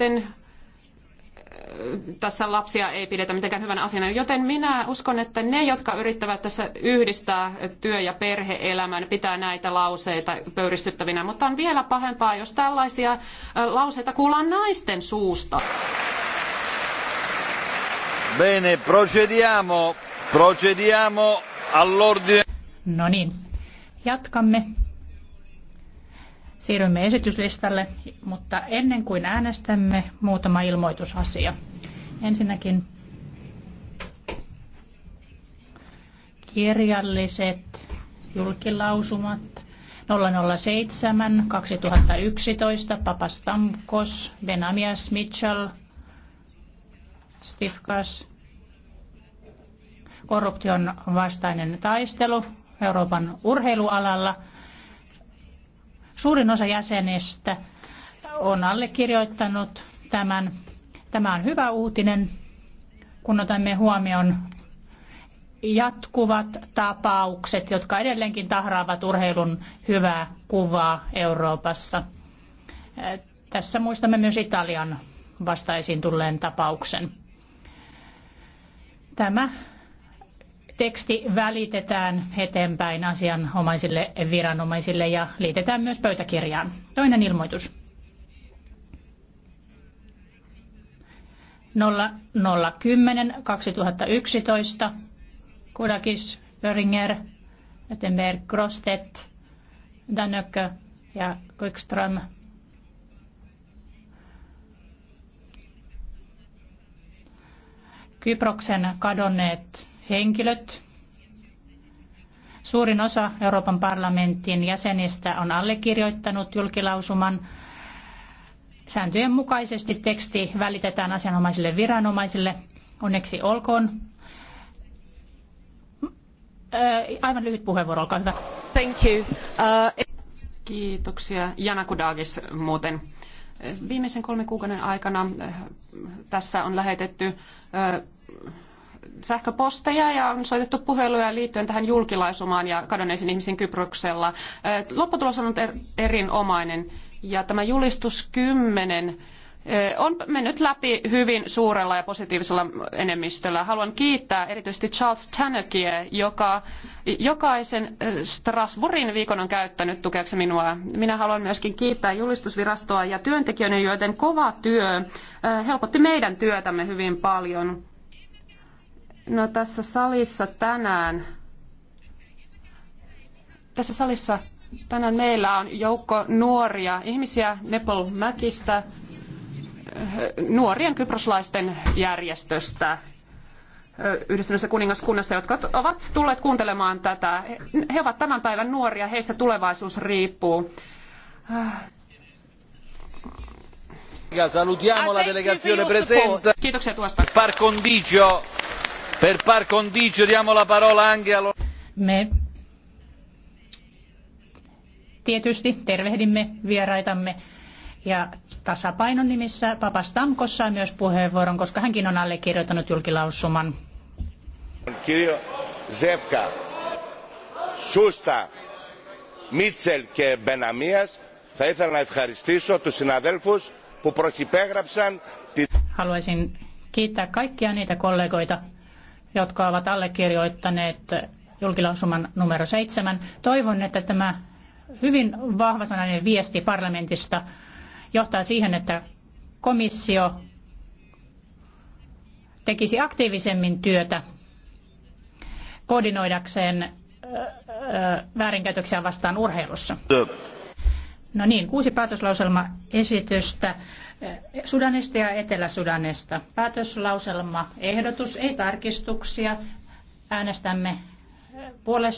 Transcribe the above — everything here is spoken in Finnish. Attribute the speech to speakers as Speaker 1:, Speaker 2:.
Speaker 1: sitten äh, tässä lapsia ei pidetä mitenkään hyvänä asiana. Joten minä uskon, että ne, jotka yrittävät tässä yhdistää työ- ja perhe-elämän, pitää näitä lauseita pöyristyttävinä. Mutta on vielä pahempaa, jos tällaisia äh, lauseita kuullaan naisten suusta. Bene, procediamo, procediamo all'ordine. No
Speaker 2: niin, jatkamme Siirrymme esityslistalle, mutta ennen kuin äänestämme, muutama ilmoitusasia. Ensinnäkin kirjalliset julkilausumat 007 2011 Papastamkos, Benamias Mitchell, Stifkas, korruption vastainen taistelu Euroopan urheilualalla – Suurin osa jäsenistä on allekirjoittanut tämän. Tämä on hyvä uutinen, kun otamme huomioon jatkuvat tapaukset, jotka edelleenkin tahraavat urheilun hyvää kuvaa Euroopassa. Tässä muistamme myös Italian vastaisiin tulleen tapauksen. Tämä teksti välitetään eteenpäin asianomaisille viranomaisille ja liitetään myös pöytäkirjaan. Toinen ilmoitus. 0010 2011 Kudakis, Böringer, Ötenberg, Krostet, Danöke ja Quickström. Kyproksen kadonneet henkilöt. Suurin osa Euroopan parlamentin jäsenistä on allekirjoittanut julkilausuman. Sääntöjen mukaisesti teksti välitetään asianomaisille viranomaisille. Onneksi olkoon.
Speaker 1: Äh, aivan lyhyt puheenvuoro, olkaa hyvä. Thank you. Uh... Kiitoksia. Jana Kudagis muuten. Viimeisen kolmen kuukauden aikana äh, tässä on lähetetty äh, sähköposteja ja on soitettu puheluja liittyen tähän julkilausumaan ja kadonneisiin ihmisiin Kyproksella. Lopputulos on er-, erinomainen ja tämä julistus 10 on mennyt läpi hyvin suurella ja positiivisella enemmistöllä. Haluan kiittää erityisesti Charles Tannekia, joka jokaisen Strasbourgin viikon on käyttänyt tukeaksi minua. Minä haluan myöskin kiittää julistusvirastoa ja työntekijöiden, joiden kova työ helpotti meidän työtämme hyvin paljon. No tässä salissa tänään, tässä salissa tänään meillä on joukko nuoria ihmisiä Nepal-mäkistä, nuorien kyproslaisten järjestöstä yhdistyneessä kuningaskunnassa, jotka ovat tulleet kuuntelemaan tätä. He ovat tämän päivän nuoria, heistä tulevaisuus riippuu. Salutiamo la ah, delegazione presente. Kiitoksia tuosta. Par condicio Per par condicio diamo la parola anche allo...
Speaker 2: Me tietysti tervehdimme vieraitamme ja tasapainon nimissä Papa Stamkos sai myös puheenvuoron, koska hänkin on allekirjoittanut julkilausuman.
Speaker 1: Kirjo Zevka, Susta, Μίτσελ ja Benamias, θα ήθελα να ευχαριστήσω τους συναδέλφους που προσυπέγραψαν
Speaker 2: Haluaisin kiittää kaikkia niitä kollegoita, jotka ovat allekirjoittaneet julkilausuman numero seitsemän. Toivon, että tämä hyvin vahvasanainen viesti parlamentista johtaa siihen, että komissio tekisi aktiivisemmin työtä koordinoidakseen väärinkäytöksiä vastaan urheilussa. No niin, kuusi päätöslauselmaesitystä Sudanista ja Etelä-Sudanista. Päätöslauselma ehdotus, ei tarkistuksia. Äänestämme puolesta.